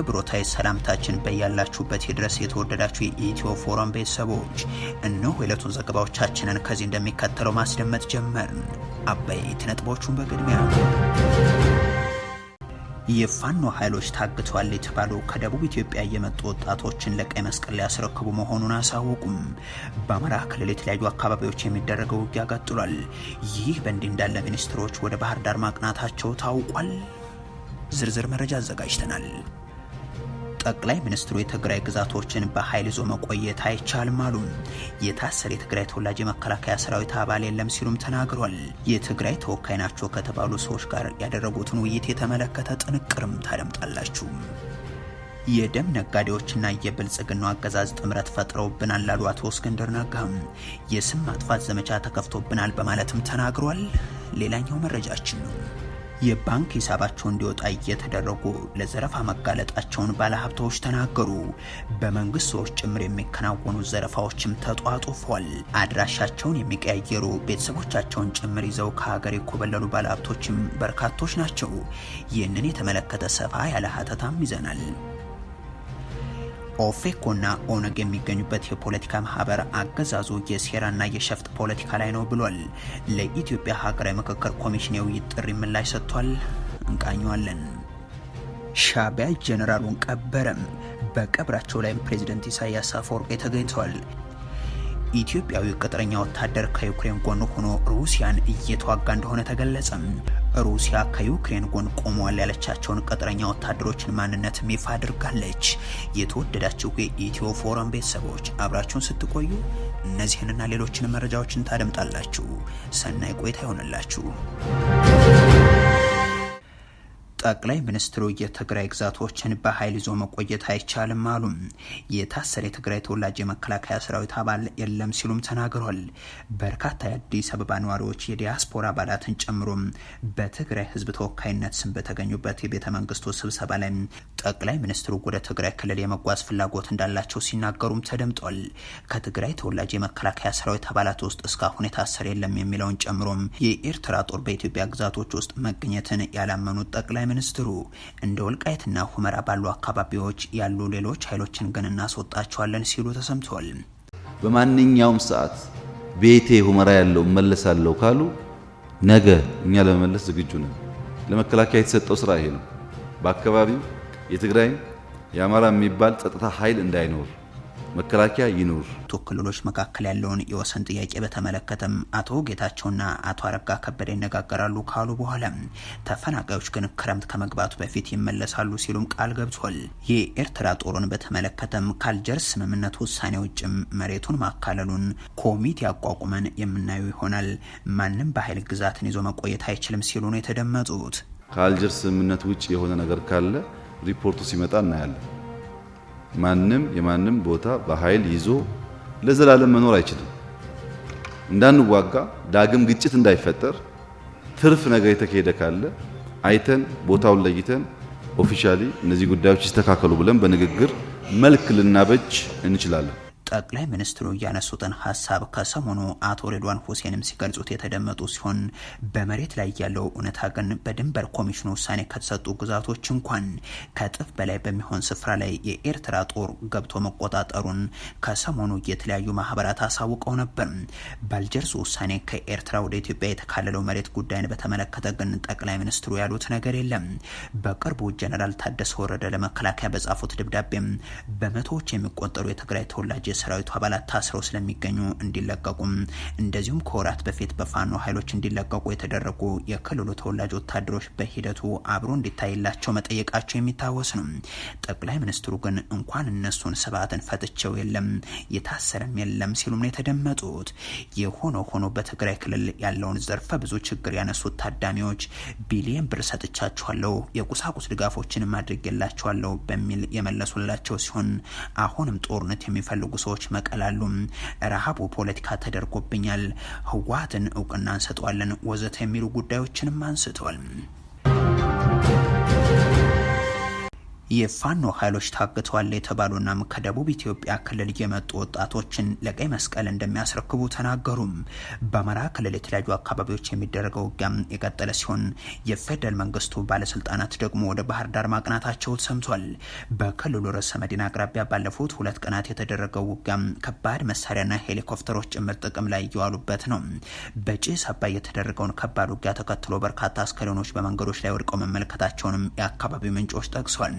አክብሮታዊ ሰላምታችን በያላችሁበት ይድረስ የተወደዳችሁ የኢትዮ ፎረም ቤተሰቦች፣ እነሆ የዕለቱን ዘገባዎቻችንን ከዚህ እንደሚከተለው ማስደመጥ ጀመርን። አበይት ነጥቦቹን በቅድሚያ የፋኖ ኃይሎች ታግተዋል የተባሉ ከደቡብ ኢትዮጵያ የመጡ ወጣቶችን ለቀይ መስቀል ሊያስረክቡ መሆኑን አሳወቁም። በአማራ ክልል የተለያዩ አካባቢዎች የሚደረገው ውጊያ ቀጥሏል። ይህ በእንዲህ እንዳለ ሚኒስትሮች ወደ ባህር ዳር ማቅናታቸው ታውቋል። ዝርዝር መረጃ አዘጋጅተናል። ጠቅላይ ሚኒስትሩ የትግራይ ግዛቶችን በኃይል ይዞ መቆየት አይቻልም አሉ። የታሰር የትግራይ ተወላጅ የመከላከያ ሰራዊት አባል የለም ሲሉም ተናግሯል። የትግራይ ተወካይ ናቸው ከተባሉ ሰዎች ጋር ያደረጉትን ውይይት የተመለከተ ጥንቅርም ታደምጣላችሁ። የደም ነጋዴዎችና የብልጽግናው አገዛዝ ጥምረት ፈጥረውብናል ላሉ አቶ እስክንድር ነጋም የስም ማጥፋት ዘመቻ ተከፍቶብናል በማለትም ተናግሯል። ሌላኛው መረጃችን ነው። የባንክ ሂሳባቸው እንዲወጣ እየተደረጉ ለዘረፋ መጋለጣቸውን ባለሀብቶች ተናገሩ። በመንግስት ሰዎች ጭምር የሚከናወኑ ዘረፋዎችም ተጧጡፏል። አድራሻቸውን የሚቀያየሩ ቤተሰቦቻቸውን ጭምር ይዘው ከሀገር የኮበለሉ ባለሀብቶችም በርካቶች ናቸው። ይህንን የተመለከተ ሰፋ ያለ ሀተታም ይዘናል። ኦፌኮና ኦነግ የሚገኙበት የፖለቲካ ማህበር አገዛዙ የሴራና የሸፍጥ ፖለቲካ ላይ ነው ብሏል። ለኢትዮጵያ ሀገራዊ ምክክር ኮሚሽን የውይይት ጥሪ ምላሽ ሰጥቷል። እንቃኘዋለን። ሻቢያ ጄኔራሉን ቀበረም። በቀብራቸው ላይም ፕሬዚደንት ኢሳያስ አፈወርቅ ተገኝተዋል። ኢትዮጵያዊ ቅጥረኛ ወታደር ከዩክሬን ጎን ሆኖ ሩሲያን እየተዋጋ እንደሆነ ተገለጸም። ሩሲያ ከዩክሬን ጎን ቆመዋል ያለቻቸውን ቅጥረኛ ወታደሮችን ማንነት ይፋ አድርጋለች። የተወደዳችሁ የኢትዮ ፎረም ቤተሰቦች አብራችሁን ስትቆዩ እነዚህንና ሌሎችን መረጃዎችን ታደምጣላችሁ። ሰናይ ቆይታ ይሆንላችሁ። ጠቅላይ ሚኒስትሩ የትግራይ ግዛቶችን በኃይል ይዞ መቆየት አይቻልም አሉ። የታሰረ የትግራይ ተወላጅ የመከላከያ ሰራዊት አባል የለም ሲሉም ተናግሯል። በርካታ የአዲስ አበባ ነዋሪዎች የዲያስፖራ አባላትን ጨምሮ በትግራይ ህዝብ ተወካይነት ስም በተገኙበት የቤተ መንግስቱ ስብሰባ ላይ ጠቅላይ ሚኒስትሩ ወደ ትግራይ ክልል የመጓዝ ፍላጎት እንዳላቸው ሲናገሩም ተደምጧል። ከትግራይ ተወላጅ የመከላከያ ሰራዊት አባላት ውስጥ እስካሁን የታሰረ የለም የሚለውን ጨምሮም የኤርትራ ጦር በኢትዮጵያ ግዛቶች ውስጥ መገኘትን ያላመኑት ጠቅላይ ሚኒስትሩ እንደ ወልቃይትና ሁመራ ባሉ አካባቢዎች ያሉ ሌሎች ኃይሎችን ግን እናስወጣቸዋለን ሲሉ ተሰምቷል። በማንኛውም ሰዓት ቤቴ ሁመራ ያለው እመለሳለሁ ካሉ ነገ እኛ ለመመለስ ዝግጁ ነን። ለመከላከያ የተሰጠው ስራ ይሄ ነው። በአካባቢው የትግራይ የአማራ የሚባል ጸጥታ ኃይል እንዳይኖር መከላከያ ይኑር። ሁለቱ ክልሎች መካከል ያለውን የወሰን ጥያቄ በተመለከተም አቶ ጌታቸውና አቶ አረጋ ከበደ ይነጋገራሉ ካሉ በኋላ ተፈናቃዮች ግን ክረምት ከመግባቱ በፊት ይመለሳሉ ሲሉም ቃል ገብቷል። የኤርትራ ጦሮን በተመለከተም ካልጀርስ ስምምነት ውሳኔ ውጭም መሬቱን ማካለሉን ኮሚቴ አቋቁመን የምናየው ይሆናል። ማንም በኃይል ግዛትን ይዞ መቆየት አይችልም ሲሉ ነው የተደመጡት። ከአልጀርስ ስምምነት ውጭ የሆነ ነገር ካለ ሪፖርቱ ሲመጣ እናያለን። ማንም የማንም ቦታ በኃይል ይዞ ለዘላለም መኖር አይችልም። እንዳንዋጋ፣ ዳግም ግጭት እንዳይፈጠር ትርፍ ነገር የተካሄደ ካለ አይተን ቦታውን ለይተን ኦፊሻሊ እነዚህ ጉዳዮች ይስተካከሉ ብለን በንግግር መልክ ልናበጅ እንችላለን። ጠቅላይ ሚኒስትሩ እያነሱትን ሀሳብ ከሰሞኑ አቶ ሬድዋን ሁሴንም ሲገልጹት የተደመጡ ሲሆን በመሬት ላይ ያለው እውነታ ግን በድንበር ኮሚሽኑ ውሳኔ ከተሰጡ ግዛቶች እንኳን ከጥፍ በላይ በሚሆን ስፍራ ላይ የኤርትራ ጦር ገብቶ መቆጣጠሩን ከሰሞኑ የተለያዩ ማህበራት አሳውቀው ነበር። ባልጀርስ ውሳኔ ከኤርትራ ወደ ኢትዮጵያ የተካለለው መሬት ጉዳይን በተመለከተ ግን ጠቅላይ ሚኒስትሩ ያሉት ነገር የለም። በቅርቡ ጀነራል ታደሰ ወረደ ለመከላከያ በጻፉት ደብዳቤም በመቶዎች የሚቆጠሩ የትግራይ ተወላጅ ሰራዊቱ አባላት ታስረው ስለሚገኙ እንዲለቀቁም እንደዚሁም ከወራት በፊት በፋኖ ኃይሎች እንዲለቀቁ የተደረጉ የክልሉ ተወላጅ ወታደሮች በሂደቱ አብሮ እንዲታይላቸው መጠየቃቸው የሚታወስ ነው። ጠቅላይ ሚኒስትሩ ግን እንኳን እነሱን ስብዓትን ፈትቸው የለም የታሰረም የለም ሲሉም ነው የተደመጡት። የሆነ ሆኖ በትግራይ ክልል ያለውን ዘርፈ ብዙ ችግር ያነሱት ታዳሚዎች ቢሊየን ብር ሰጥቻችኋለሁ፣ የቁሳቁስ ድጋፎችን ማድረግ የላችኋለሁ በሚል የመለሱላቸው ሲሆን አሁንም ጦርነት የሚፈልጉ ሰው ሰዎች መቀላሉ፣ ረሃቡ ፖለቲካ ተደርጎብኛል፣ ህወሓትን እውቅና እንሰጠዋለን ወዘተ የሚሉ ጉዳዮችንም አንስተዋል። የፋኖ ኃይሎች ታግተዋል የተባሉናም ከደቡብ ኢትዮጵያ ክልል የመጡ ወጣቶችን ለቀይ መስቀል እንደሚያስረክቡ ተናገሩም። በአማራ ክልል የተለያዩ አካባቢዎች የሚደረገው ውጊያም የቀጠለ ሲሆን የፌደራል መንግስቱ ባለስልጣናት ደግሞ ወደ ባህር ዳር ማቅናታቸው ሰምቷል። በክልሉ ርዕሰ መዲና አቅራቢያ ባለፉት ሁለት ቀናት የተደረገው ውጊያም ከባድ መሳሪያና ሄሊኮፕተሮች ጭምር ጥቅም ላይ እየዋሉበት ነው። በጭስ አባይ የተደረገውን ከባድ ውጊያ ተከትሎ በርካታ አስከሬኖች በመንገዶች ላይ ወድቀው መመልከታቸውንም የአካባቢው ምንጮች ጠቅሷል።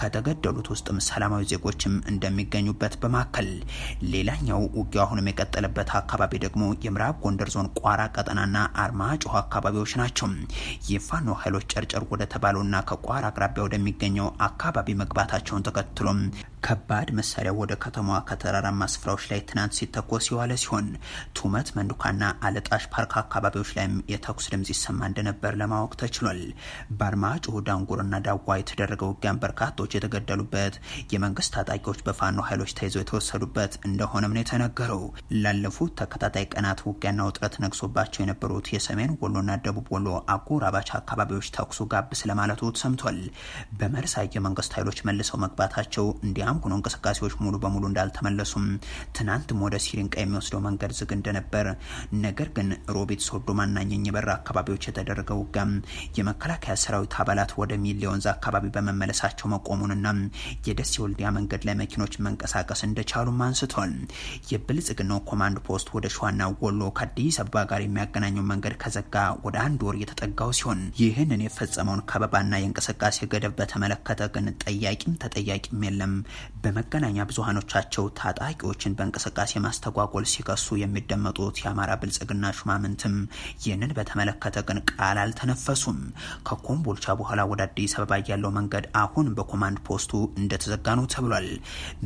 ከተገደሉት ውስጥም ሰላማዊ ዜጎችም እንደሚገኙበት በማከል ሌላኛው ውጊያው አሁንም የቀጠለበት አካባቢ ደግሞ የምዕራብ ጎንደር ዞን ቋራ ቀጠናና አርማጭሆ አካባቢዎች ናቸው። የፋኖ ኃይሎች ጨርጨር ወደ ተባለውና ከቋራ አቅራቢያ ወደሚገኘው አካባቢ መግባታቸውን ተከትሎም ከባድ መሳሪያ ወደ ከተማዋ ከተራራማ ስፍራዎች ላይ ትናንት ሲተኮስ የዋለ ሲሆን ቱመት መንዱካና አለጣሽ ፓርክ አካባቢዎች ላይም የተኩስ ድምጽ ይሰማ እንደነበር ለማወቅ ተችሏል። በአርማጭሆ ዳንጉርና ዳዋ የተደረገው ውጊያን በርካቶች የተገደሉበት የመንግስት ታጣቂዎች በፋኖ ኃይሎች ተይዘው የተወሰዱበት እንደሆነም ነው የተነገረው። ላለፉት ተከታታይ ቀናት ውጊያና ውጥረት ነግሶባቸው የነበሩት የሰሜን ወሎና ደቡብ ወሎ አጎራባች አካባቢዎች ተኩሱ ጋብ ስለማለቱ ሰምቷል። በመርሳ የመንግስት ኃይሎች መልሰው መግባታቸው እንዲያም የባንኩን እንቅስቃሴዎች ሙሉ በሙሉ እንዳልተመለሱም ትናንትም ወደ ሲሪንቃ የሚወስደው መንገድ ዝግ እንደነበር፣ ነገር ግን ሮቤት፣ ሶዶ፣ ማናኘኝ የበራ አካባቢዎች የተደረገው ውጋ የመከላከያ ሰራዊት አባላት ወደ ሚሌ ወንዝ አካባቢ በመመለሳቸው መቆሙንና የደሴ ወልዲያ መንገድ ላይ መኪኖች መንቀሳቀስ እንደቻሉም አንስቷል። የብልጽግናው ኮማንድ ፖስት ወደ ሸዋና ወሎ ከአዲስ አበባ ጋር የሚያገናኘው መንገድ ከዘጋ ወደ አንድ ወር የተጠጋው ሲሆን ይህንን የፈጸመውን ከበባና የእንቅስቃሴ ገደብ በተመለከተ ግን ጠያቂም ተጠያቂም የለም። በመገናኛ ብዙሀኖቻቸው ታጣቂዎችን በእንቅስቃሴ ማስተጓጎል ሲከሱ የሚደመጡት የአማራ ብልጽግና ሹማምንትም ይህንን በተመለከተ ግን ቃል አልተነፈሱም። ከኮምቦልቻ በኋላ ወደ አዲስ አበባ ያለው መንገድ አሁን በኮማንድ ፖስቱ እንደተዘጋ ነው ተብሏል።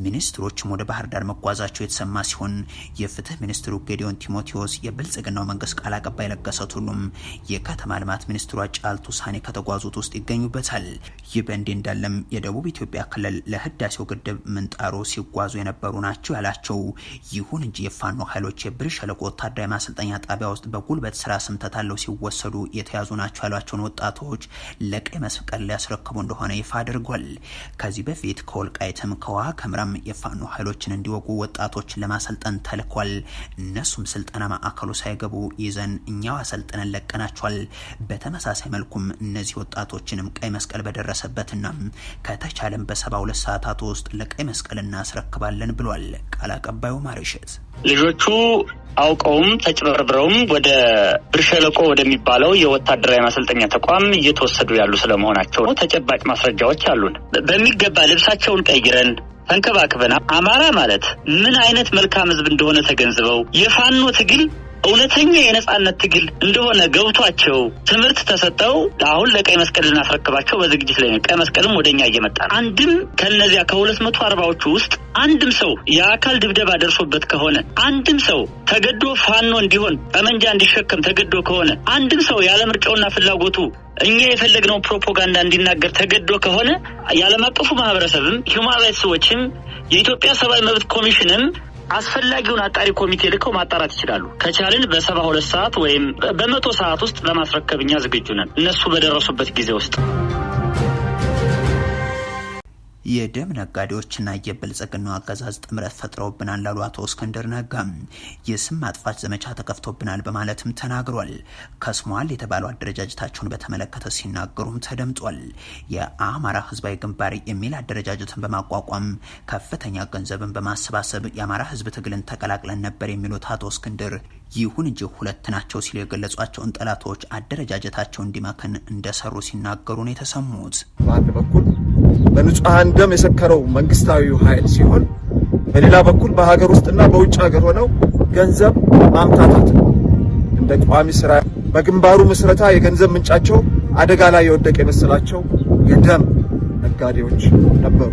ሚኒስትሮችም ወደ ባህር ዳር መጓዛቸው የተሰማ ሲሆን የፍትህ ሚኒስትሩ ጌዲዮን ቲሞቴዎስ፣ የብልጽግናው መንግስት ቃል አቀባይ ለገሰ ቱሉም፣ የከተማ ልማት ሚኒስትሯ ጫልቱ ሳኔ ከተጓዙት ውስጥ ይገኙበታል። ይህ በእንዲህ እንዳለም የደቡብ ኢትዮጵያ ክልል ለህዳሴው ግድብ ምንጣሮ ሲጓዙ የነበሩ ናቸው ያላቸው። ይሁን እንጂ የፋኖ ኃይሎች የብር ሸለቆ ወታደራዊ ማሰልጠኛ ጣቢያ ውስጥ በጉልበት ስራ ስምተታለው ሲወሰዱ የተያዙ ናቸው ያሏቸውን ወጣቶች ለቀይ መስቀል ሊያስረክቡ እንደሆነ ይፋ አድርጓል። ከዚህ በፊት ከወልቃይትም ከውሃ ከምራም የፋኖ ኃይሎችን እንዲወጉ ወጣቶችን ለማሰልጠን ተልኳል። እነሱም ስልጠና ማዕከሉ ሳይገቡ ይዘን እኛው አሰልጥነን ለቀናቸዋል። በተመሳሳይ መልኩም እነዚህ ወጣቶችንም ቀይ መስቀል በደረሰበትና ከተቻለም በሰባ ሁለት ሰዓታት ውስጥ ለቀይ መስቀል እናስረክባለን ብሏል ቃል አቀባዩ ማሪሸት። ልጆቹ አውቀውም ተጭበርብረውም ወደ ብርሸለቆ ወደሚባለው የወታደራዊ ማሰልጠኛ ተቋም እየተወሰዱ ያሉ ስለመሆናቸው ነው። ተጨባጭ ማስረጃዎች አሉን። በሚገባ ልብሳቸውን ቀይረን ተንከባክበን አማራ ማለት ምን አይነት መልካም ህዝብ እንደሆነ ተገንዝበው የፋኖ ትግል እውነተኛ የነጻነት ትግል እንደሆነ ገብቷቸው ትምህርት ተሰጠው አሁን ለቀይ መስቀል ልናስረክባቸው በዝግጅት ላይ ነው። ቀይ መስቀልም ወደኛ እየመጣ ነው። አንድም ከነዚያ ከሁለት መቶ አርባዎቹ ውስጥ አንድም ሰው የአካል ድብደባ ደርሶበት ከሆነ አንድም ሰው ተገዶ ፋኖ እንዲሆን ጠመንጃ እንዲሸከም ተገዶ ከሆነ አንድም ሰው ያለ ምርጫውና ፍላጎቱ እኛ የፈለግነው ፕሮፓጋንዳ እንዲናገር ተገዶ ከሆነ የዓለም አቀፉ ማህበረሰብም ሂውማን ራይትስ ዎችም የኢትዮጵያ ሰብአዊ መብት ኮሚሽንም አስፈላጊውን አጣሪ ኮሚቴ ልከው ማጣራት ይችላሉ። ከቻልን በሰባ ሁለት ሰዓት ወይም በመቶ ሰዓት ውስጥ ለማስረከብ እኛ ዝግጁ ነን እነሱ በደረሱበት ጊዜ ውስጥ የደም ነጋዴዎችና የብልጽግናው አገዛዝ ጥምረት ፈጥረውብናል ላሉ አቶ እስክንድር ነጋ የስም ማጥፋት ዘመቻ ተከፍቶብናል በማለትም ተናግሯል። ከስሟል የተባለው አደረጃጀታቸውን በተመለከተ ሲናገሩም ተደምጧል። የአማራ ህዝባዊ ግንባር የሚል አደረጃጀትን በማቋቋም ከፍተኛ ገንዘብን በማሰባሰብ የአማራ ህዝብ ትግልን ተቀላቅለን ነበር የሚሉት አቶ እስክንድር ይሁን እንጂ ሁለት ናቸው ሲሉ የገለጿቸውን ጠላቶች አደረጃጀታቸው እንዲመክን እንደሰሩ ሲናገሩ ነው የተሰሙት። በአንድ በኩል በንጹሐን ደም የሰከረው መንግስታዊ ኃይል ሲሆን በሌላ በኩል በሀገር ውስጥና በውጭ ሀገር ሆነው ገንዘብ ማምታታት እንደ ቋሚ ስራ በግንባሩ ምስረታ የገንዘብ ምንጫቸው አደጋ ላይ የወደቀ የመሰላቸው የደም ነጋዴዎች ነበሩ።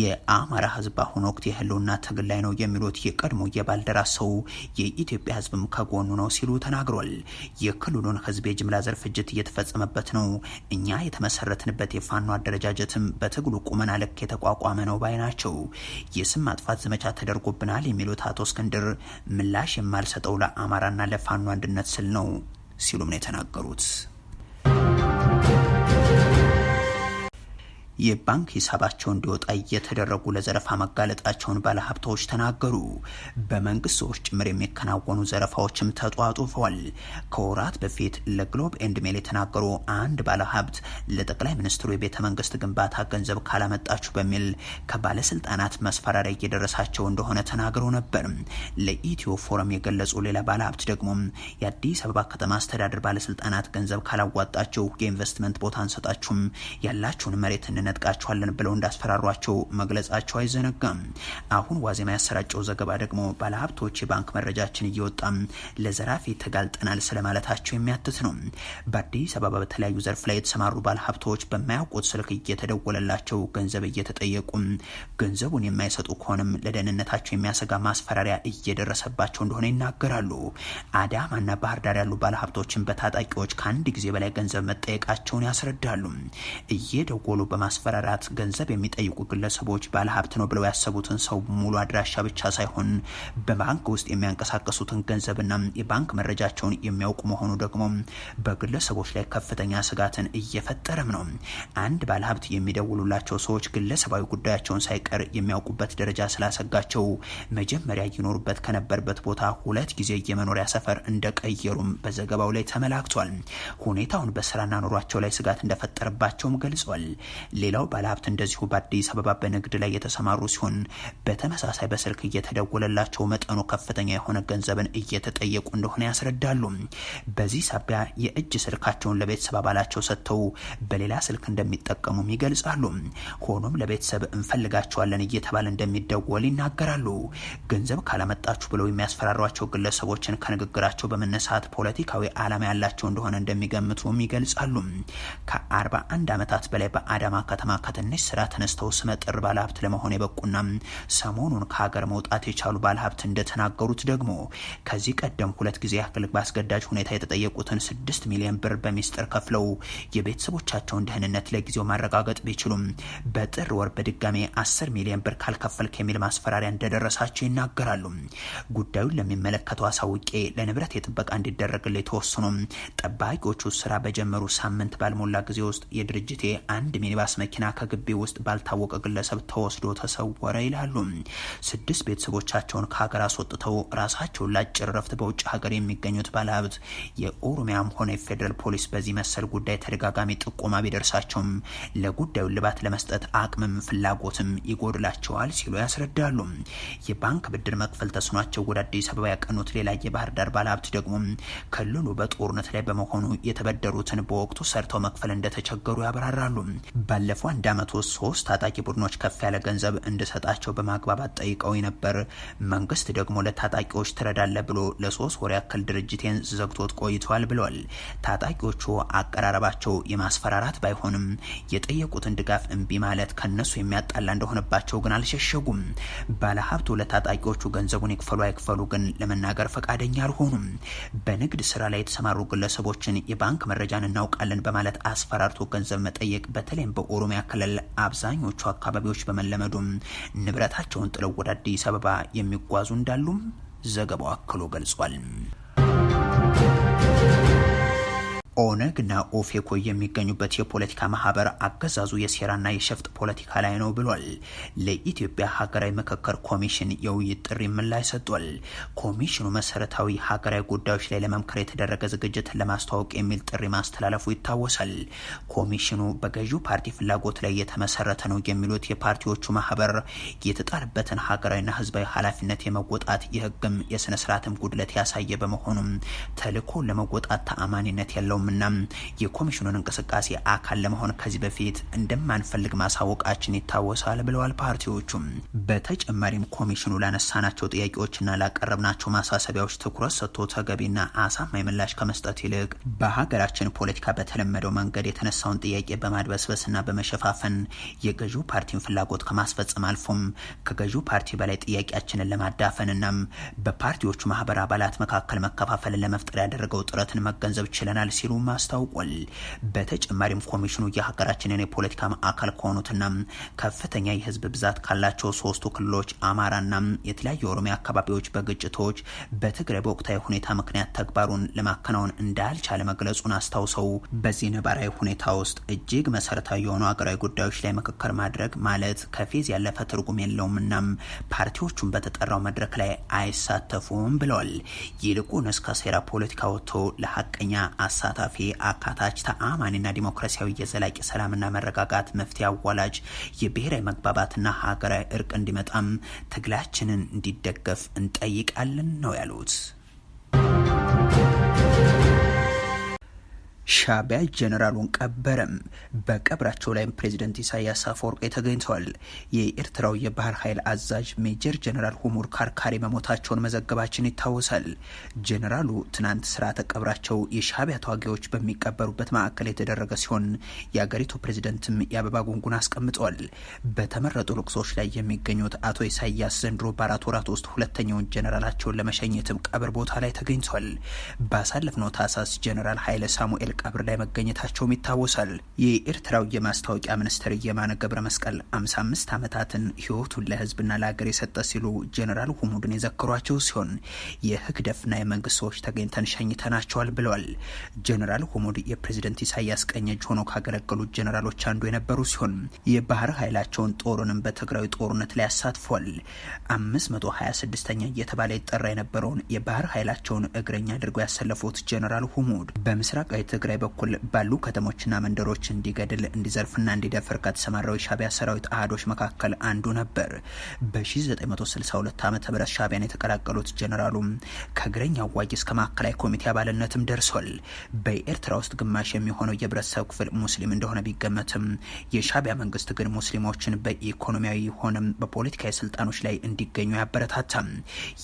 የአማራ ህዝብ በአሁኑ ወቅት የህልውና ትግል ላይ ነው የሚሉት የቀድሞ የባልደራ ሰው የኢትዮጵያ ህዝብም ከጎኑ ነው ሲሉ ተናግሯል። የክልሉን ህዝብ የጅምላ ዘር ፍጅት እየተፈጸመበት ነው። እኛ የተመሰረትንበት የፋኖ አደረጃጀትም በትግሉ ቁመና ልክ የተቋቋመ ነው ባይ ናቸው። የስም ማጥፋት ዘመቻ ተደርጎብናል የሚሉት አቶ እስክንድር ምላሽ የማልሰጠው ለአማራና ለፋኖ አንድነት ስል ነው ሲሉም ነው የተናገሩት። የባንክ ሂሳባቸው እንዲወጣ እየተደረጉ ለዘረፋ መጋለጣቸውን ባለሀብቶች ተናገሩ። በመንግስት ሰዎች ጭምር የሚከናወኑ ዘረፋዎችም ተጧጡፈዋል። ከወራት በፊት ለግሎብ ኤንድ ሜል የተናገሩ አንድ ባለሀብት ለጠቅላይ ሚኒስትሩ የቤተ መንግስት ግንባታ ገንዘብ ካላመጣችሁ በሚል ከባለስልጣናት መስፈራሪያ እየደረሳቸው እንደሆነ ተናግረው ነበር። ለኢትዮ ፎረም የገለጹ ሌላ ባለሀብት ደግሞ የአዲስ አበባ ከተማ አስተዳደር ባለስልጣናት ገንዘብ ካላዋጣችሁ የኢንቨስትመንት ቦታ አንሰጣችሁም፣ ያላችሁን መሬት እንነ እንነጥቃቸዋለን ብለው እንዳስፈራሯቸው መግለጻቸው አይዘነጋም። አሁን ዋዜማ ያሰራጨው ዘገባ ደግሞ ባለሀብቶች የባንክ መረጃችን እየወጣም ለዘራፊ ተጋልጠናል ስለማለታቸው የሚያትት ነው። በአዲስ አበባ በተለያዩ ዘርፍ ላይ የተሰማሩ ባለሀብቶች በማያውቁት ስልክ እየተደወለላቸው ገንዘብ እየተጠየቁም ገንዘቡን የማይሰጡ ከሆነም ለደህንነታቸው የሚያሰጋ ማስፈራሪያ እየደረሰባቸው እንደሆነ ይናገራሉ። አዳማና ባህር ዳር ያሉ ባለሀብቶችን በታጣቂዎች ከአንድ ጊዜ በላይ ገንዘብ መጠየቃቸውን ያስረዳሉ። እየደወሉ በማስ ለማስፈራራት ገንዘብ የሚጠይቁ ግለሰቦች ባለሀብት ነው ብለው ያሰቡትን ሰው ሙሉ አድራሻ ብቻ ሳይሆን በባንክ ውስጥ የሚያንቀሳቀሱትን ገንዘብና የባንክ መረጃቸውን የሚያውቁ መሆኑ ደግሞ በግለሰቦች ላይ ከፍተኛ ስጋትን እየፈጠረም ነው። አንድ ባለሀብት የሚደውሉላቸው ሰዎች ግለሰባዊ ጉዳያቸውን ሳይቀር የሚያውቁበት ደረጃ ስላሰጋቸው መጀመሪያ ይኖሩበት ከነበርበት ቦታ ሁለት ጊዜ የመኖሪያ ሰፈር እንደቀየሩም በዘገባው ላይ ተመላክቷል። ሁኔታውን በስራና ኑሯቸው ላይ ስጋት እንደፈጠረባቸውም ገልጿል። ሌላው ባለሀብት እንደዚሁ በአዲስ አበባ በንግድ ላይ የተሰማሩ ሲሆን በተመሳሳይ በስልክ እየተደወለላቸው መጠኑ ከፍተኛ የሆነ ገንዘብን እየተጠየቁ እንደሆነ ያስረዳሉ። በዚህ ሳቢያ የእጅ ስልካቸውን ለቤተሰብ አባላቸው ሰጥተው በሌላ ስልክ እንደሚጠቀሙም ይገልጻሉ። ሆኖም ለቤተሰብ እንፈልጋቸዋለን እየተባለ እንደሚደወል ይናገራሉ። ገንዘብ ካላመጣችሁ ብለው የሚያስፈራሯቸው ግለሰቦችን ከንግግራቸው በመነሳት ፖለቲካዊ ዓላማ ያላቸው እንደሆነ እንደሚገምቱም ይገልጻሉ። ከአርባ ከ41 ዓመታት በላይ በአዳማ ከተማ ከትንሽ ስራ ተነስተው ስመጥር ባለሀብት ለመሆን የበቁና ሰሞኑን ከሀገር መውጣት የቻሉ ባለሀብት እንደተናገሩት ደግሞ ከዚህ ቀደም ሁለት ጊዜ ያክል በአስገዳጅ ሁኔታ የተጠየቁትን ስድስት ሚሊዮን ብር በሚስጥር ከፍለው የቤተሰቦቻቸውን ደህንነት ለጊዜው ማረጋገጥ ቢችሉም በጥር ወር በድጋሜ አስር ሚሊዮን ብር ካልከፈልክ የሚል ማስፈራሪያ እንደደረሳቸው ይናገራሉ። ጉዳዩን ለሚመለከተው አሳውቄ ለንብረት የጥበቃ እንዲደረግልኝ ተወስኖ ጠባቂዎቹ ስራ በጀመሩ ሳምንት ባልሞላ ጊዜ ውስጥ የድርጅቴ አንድ ሚኒባስ መኪና ከግቢ ውስጥ ባልታወቀ ግለሰብ ተወስዶ ተሰወረ ይላሉ። ስድስት ቤተሰቦቻቸውን ከሀገር አስወጥተው ራሳቸውን ላጭር ረፍት በውጭ ሀገር የሚገኙት ባለሀብት የኦሮሚያም ሆነ የፌዴራል ፖሊስ በዚህ መሰል ጉዳይ ተደጋጋሚ ጥቆማ ቢደርሳቸውም ለጉዳዩ ልባት ለመስጠት አቅምም ፍላጎትም ይጎድላቸዋል ሲሉ ያስረዳሉ። የባንክ ብድር መክፈል ተስኗቸው ወደ አዲስ አበባ ያቀኑት ሌላ የባህር ዳር ባለሀብት ደግሞ ክልሉ በጦርነት ላይ በመሆኑ የተበደሩትን በወቅቱ ሰርተው መክፈል እንደተቸገሩ ያብራራሉ። ባለፈው አንድ ዓመት ውስጥ ሶስት ታጣቂ ቡድኖች ከፍ ያለ ገንዘብ እንድሰጣቸው በማግባባት ጠይቀው ነበር። መንግስት ደግሞ ለታጣቂዎች ትረዳለ ብሎ ለሶስት ወር ያክል ድርጅቴን ዘግቶት ቆይተዋል ብለዋል። ታጣቂዎቹ አቀራረባቸው የማስፈራራት ባይሆንም የጠየቁትን ድጋፍ እምቢ ማለት ከነሱ የሚያጣላ እንደሆነባቸው ግን አልሸሸጉም። ባለሀብቱ ለታጣቂዎቹ ገንዘቡን ይክፈሉ አይክፈሉ ግን ለመናገር ፈቃደኛ አልሆኑም። በንግድ ስራ ላይ የተሰማሩ ግለሰቦችን የባንክ መረጃን እናውቃለን በማለት አስፈራርቶ ገንዘብ መጠየቅ በተለይም በኦ በኦሮሚያ ክልል አብዛኞቹ አካባቢዎች በመለመዱም ንብረታቸውን ጥለው ወደ አዲስ አበባ የሚጓዙ እንዳሉም ዘገባው አክሎ ገልጿል። ኦነግና ኦፌኮ የሚገኙበት የፖለቲካ ማህበር አገዛዙ የሴራና የሸፍጥ ፖለቲካ ላይ ነው ብሏል። ለኢትዮጵያ ሀገራዊ ምክክር ኮሚሽን የውይይት ጥሪ ምላሽ ሰጥቷል። ኮሚሽኑ መሰረታዊ ሀገራዊ ጉዳዮች ላይ ለመምከር የተደረገ ዝግጅት ለማስተዋወቅ የሚል ጥሪ ማስተላለፉ ይታወሳል። ኮሚሽኑ በገዢው ፓርቲ ፍላጎት ላይ የተመሰረተ ነው የሚሉት የፓርቲዎቹ ማህበር የተጣለበትን ሀገራዊና ህዝባዊ ኃላፊነት የመወጣት የህግም የስነስርዓትም ጉድለት ያሳየ በመሆኑም ተልኮ ለመወጣት ተአማኒነት የለውም አይደለምና የኮሚሽኑን እንቅስቃሴ አካል ለመሆን ከዚህ በፊት እንደማንፈልግ ማሳወቃችን ይታወሳል ብለዋል። ፓርቲዎቹም በተጨማሪም ኮሚሽኑ ላነሳናቸው ጥያቄዎችና ላቀረብናቸው ማሳሰቢያዎች ትኩረት ሰጥቶ ተገቢና አሳማኝ ምላሽ ከመስጠት ይልቅ በሀገራችን ፖለቲካ በተለመደው መንገድ የተነሳውን ጥያቄ በማድበስበስና በመሸፋፈን የገዢው ፓርቲን ፍላጎት ከማስፈጸም አልፎም ከገዢው ፓርቲ በላይ ጥያቄያችንን ለማዳፈንና በፓርቲዎቹ ማህበር አባላት መካከል መከፋፈልን ለመፍጠር ያደረገው ጥረትን መገንዘብ ችለናል ሲሉ መሆኑም አስታውቋል። በተጨማሪም ኮሚሽኑ የሀገራችንን የፖለቲካ ማዕከል ከሆኑትና ከፍተኛ የህዝብ ብዛት ካላቸው ሶስቱ ክልሎች አማራና የተለያዩ የኦሮሚያ አካባቢዎች በግጭቶች በትግራይ በወቅታዊ ሁኔታ ምክንያት ተግባሩን ለማከናወን እንዳልቻለ መግለጹን አስታውሰው በዚህ ነባራዊ ሁኔታ ውስጥ እጅግ መሰረታዊ የሆኑ ሀገራዊ ጉዳዮች ላይ ምክክር ማድረግ ማለት ከፌዝ ያለፈ ትርጉም የለውምና ፓርቲዎቹን በተጠራው መድረክ ላይ አይሳተፉም ብለዋል። እስከ ሴራ ፖለቲካ ወጥቶ ለሀቀኛ አሳታ አሳታፊ፣ አካታች፣ ተአማኒና ዲሞክራሲያዊ የዘላቂ ሰላምና መረጋጋት መፍትሄ አዋላጅ የብሔራዊ መግባባትና ሀገራዊ እርቅ እንዲመጣም ትግላችንን እንዲደገፍ እንጠይቃለን ነው ያሉት። ሻቢያ ጀነራሉን ቀበረም። በቀብራቸው ላይም ፕሬዚደንት ኢሳያስ አፈወርቂ ተገኝተዋል። የኤርትራው የባህር ኃይል አዛዥ ሜጀር ጀነራል ሁሙር ካርካሪ መሞታቸውን መዘገባችን ይታወሳል። ጀነራሉ ትናንት ስርዓተ ቀብራቸው የሻቢያ ተዋጊዎች በሚቀበሩበት ማዕከል የተደረገ ሲሆን የአገሪቱ ፕሬዚደንትም የአበባ ጉንጉን አስቀምጠዋል። በተመረጡ ልቅሶች ላይ የሚገኙት አቶ ኢሳያስ ዘንድሮ በአራት ወራት ውስጥ ሁለተኛውን ጀነራላቸውን ለመሸኘትም ቀብር ቦታ ላይ ተገኝተዋል። ባሳለፍነው ታህሳስ ጀነራል ኃይለ ሳሙኤል ቀብር ላይ መገኘታቸውም ይታወሳል። የኤርትራው የማስታወቂያ ሚኒስትር የማነ ገብረ መስቀል 55 ዓመታትን ህይወቱን ለህዝብና ለሀገር የሰጠ ሲሉ ጄኔራል ሁሙድን የዘክሯቸው ሲሆን የህግደፍና የመንግስት ሰዎች ተገኝተን ሸኝተናቸዋል ብለዋል። ጄኔራል ሁሙድ የፕሬዝደንት ኢሳያስ ቀኝ እጅ ሆነው ካገለገሉት ጄኔራሎች አንዱ የነበሩ ሲሆን የባህር ኃይላቸውን ጦሩንም በትግራዊ ጦርነት ላይ አሳትፏል። 526ኛ እየተባለ ይጠራ የነበረውን የባህር ኃይላቸውን እግረኛ አድርገው ያሰለፉት ጄኔራል ሁሙድ በምስራቅ በትግራይ በኩል ባሉ ከተሞችና መንደሮች እንዲገድል እንዲዘርፍና እንዲደፍር ከተሰማራው የሻቢያ ሰራዊት አህዶች መካከል አንዱ ነበር። በ1962 ዓ ም ሻቢያን የተቀላቀሉት ጀኔራሉ ከእግረኛ አዋጊ እስከ ማዕከላዊ ኮሚቴ አባልነትም ደርሷል። በኤርትራ ውስጥ ግማሽ የሚሆነው የህብረተሰብ ክፍል ሙስሊም እንደሆነ ቢገመትም የሻቢያ መንግስት ግን ሙስሊሞችን በኢኮኖሚያዊ ሆነም በፖለቲካዊ ስልጣኖች ላይ እንዲገኙ ያበረታታም።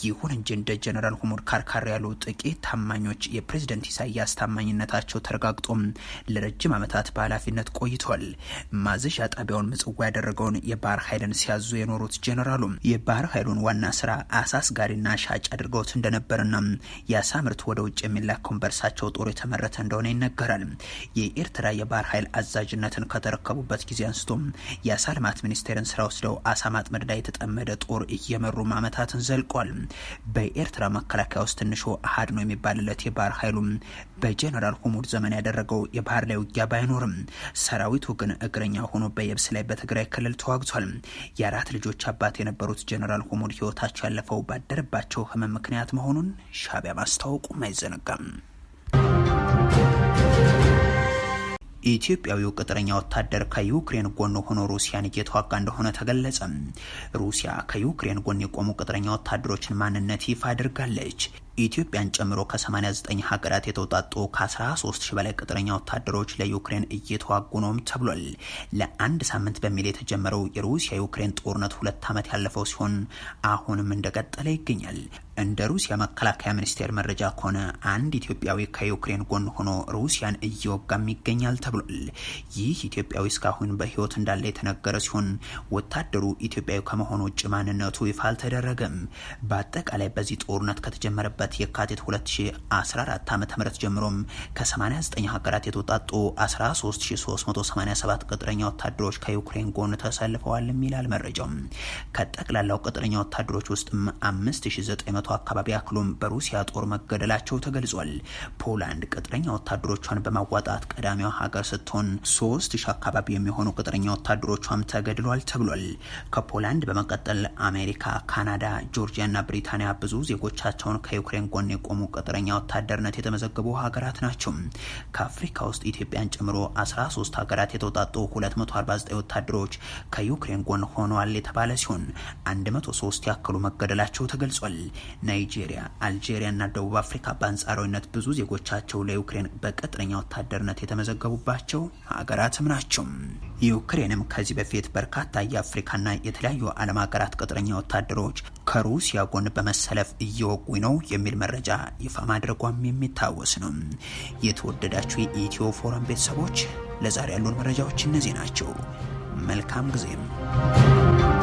ይሁን እንጂ እንደ ጀኔራል ሁሙድ ካርካር ያሉ ጥቂት ታማኞች የፕሬዝደንት ኢሳያስ ታማኝነታቸው ተረጋግጦም ለረጅም ዓመታት በኃላፊነት ቆይቷል። ማዘዣ ጣቢያውን ምጽዋ ያደረገውን የባህር ኃይልን ሲያዙ የኖሩት ጄኔራሉ የባህር ኃይሉን ዋና ስራ አሳ አስጋሪና ሻጭ አድርገውት እንደነበርና የአሳ ምርት ወደ ውጭ የሚላከውን በእርሳቸው ጦር የተመረተ እንደሆነ ይነገራል። የኤርትራ የባህር ኃይል አዛዥነትን ከተረከቡበት ጊዜ አንስቶ የአሳ ልማት ሚኒስቴርን ስራ ወስደው አሳ ማጥመድ ላይ የተጠመደ ጦር እየመሩ ዓመታትን ዘልቋል። በኤርትራ መከላከያ ውስጥ ትንሹ አሃድ ነው የሚባልለት የባህር ኃይሉ በጄኔራል ሁሙድ ዘመን ያደረገው የባህር ላይ ውጊያ ባይኖርም ሰራዊቱ ግን እግረኛ ሆኖ በየብስ ላይ በትግራይ ክልል ተዋግቷል። የአራት ልጆች አባት የነበሩት ጀኔራል ሆሞድ ህይወታቸው ያለፈው ባደረባቸው ህመም ምክንያት መሆኑን ሻቢያ ማስታወቁም አይዘነጋም። ኢትዮጵያዊው ቅጥረኛ ወታደር ከዩክሬን ጎን ሆኖ ሩሲያን እየተዋጋ እንደሆነ ተገለጸ። ሩሲያ ከዩክሬን ጎን የቆሙ ቅጥረኛ ወታደሮችን ማንነት ይፋ አድርጋለች። ኢትዮጵያን ጨምሮ ከ89 ሀገራት የተውጣጡ ከ13 ሺ በላይ ቅጥረኛ ወታደሮች ለዩክሬን እየተዋጉ ነውም ተብሏል። ለአንድ ሳምንት በሚል የተጀመረው የሩሲያ ዩክሬን ጦርነት ሁለት ዓመት ያለፈው ሲሆን አሁንም እንደቀጠለ ይገኛል። እንደ ሩሲያ መከላከያ ሚኒስቴር መረጃ ከሆነ አንድ ኢትዮጵያዊ ከዩክሬን ጎን ሆኖ ሩሲያን እየወጋም ይገኛል ተብሏል። ይህ ኢትዮጵያዊ እስካሁን በሕይወት እንዳለ የተነገረ ሲሆን ወታደሩ ኢትዮጵያዊ ከመሆኑ ውጭ ማንነቱ ይፋ አልተደረገም። በአጠቃላይ በዚህ ጦርነት ከተጀመረበት የካቲት 2014 ዓ ም ጀምሮም ከ89 ሀገራት የተውጣጡ 13387 ቅጥረኛ ወታደሮች ከዩክሬን ጎን ተሰልፈዋል ይላል መረጃው። ከጠቅላላው ቅጥረኛ ወታደሮች ውስጥም 59 መቶ አካባቢ አክሎም በሩሲያ ጦር መገደላቸው ተገልጿል። ፖላንድ ቅጥረኛ ወታደሮቿን በማዋጣት ቀዳሚዋ ሀገር ስትሆን ሶስት ሺ አካባቢ የሚሆኑ ቅጥረኛ ወታደሮቿም ተገድሏል ተብሏል። ከፖላንድ በመቀጠል አሜሪካ፣ ካናዳ፣ ጆርጂያ ና ብሪታንያ ብዙ ዜጎቻቸውን ከዩክሬን ጎን የቆሙ ቅጥረኛ ወታደርነት የተመዘገቡ ሀገራት ናቸው። ከአፍሪካ ውስጥ ኢትዮጵያን ጨምሮ 13 ሀገራት የተውጣጡ 249 ወታደሮች ከዩክሬን ጎን ሆነዋል የተባለ ሲሆን 103 ያክሉ መገደላቸው ተገልጿል። ናይጄሪያ፣ አልጄሪያ እና ደቡብ አፍሪካ በአንጻራዊነት ብዙ ዜጎቻቸው ለዩክሬን በቅጥረኛ ወታደርነት የተመዘገቡባቸው ሀገራትም ናቸው። ዩክሬንም ከዚህ በፊት በርካታ የአፍሪካና የተለያዩ ዓለም ሀገራት ቅጥረኛ ወታደሮች ከሩሲያ ጎን በመሰለፍ እየወጉ ነው የሚል መረጃ ይፋ ማድረጓም የሚታወስ ነው። የተወደዳችሁ የኢትዮ ፎረም ቤተሰቦች ለዛሬ ያሉን መረጃዎች እነዚህ ናቸው። መልካም ጊዜም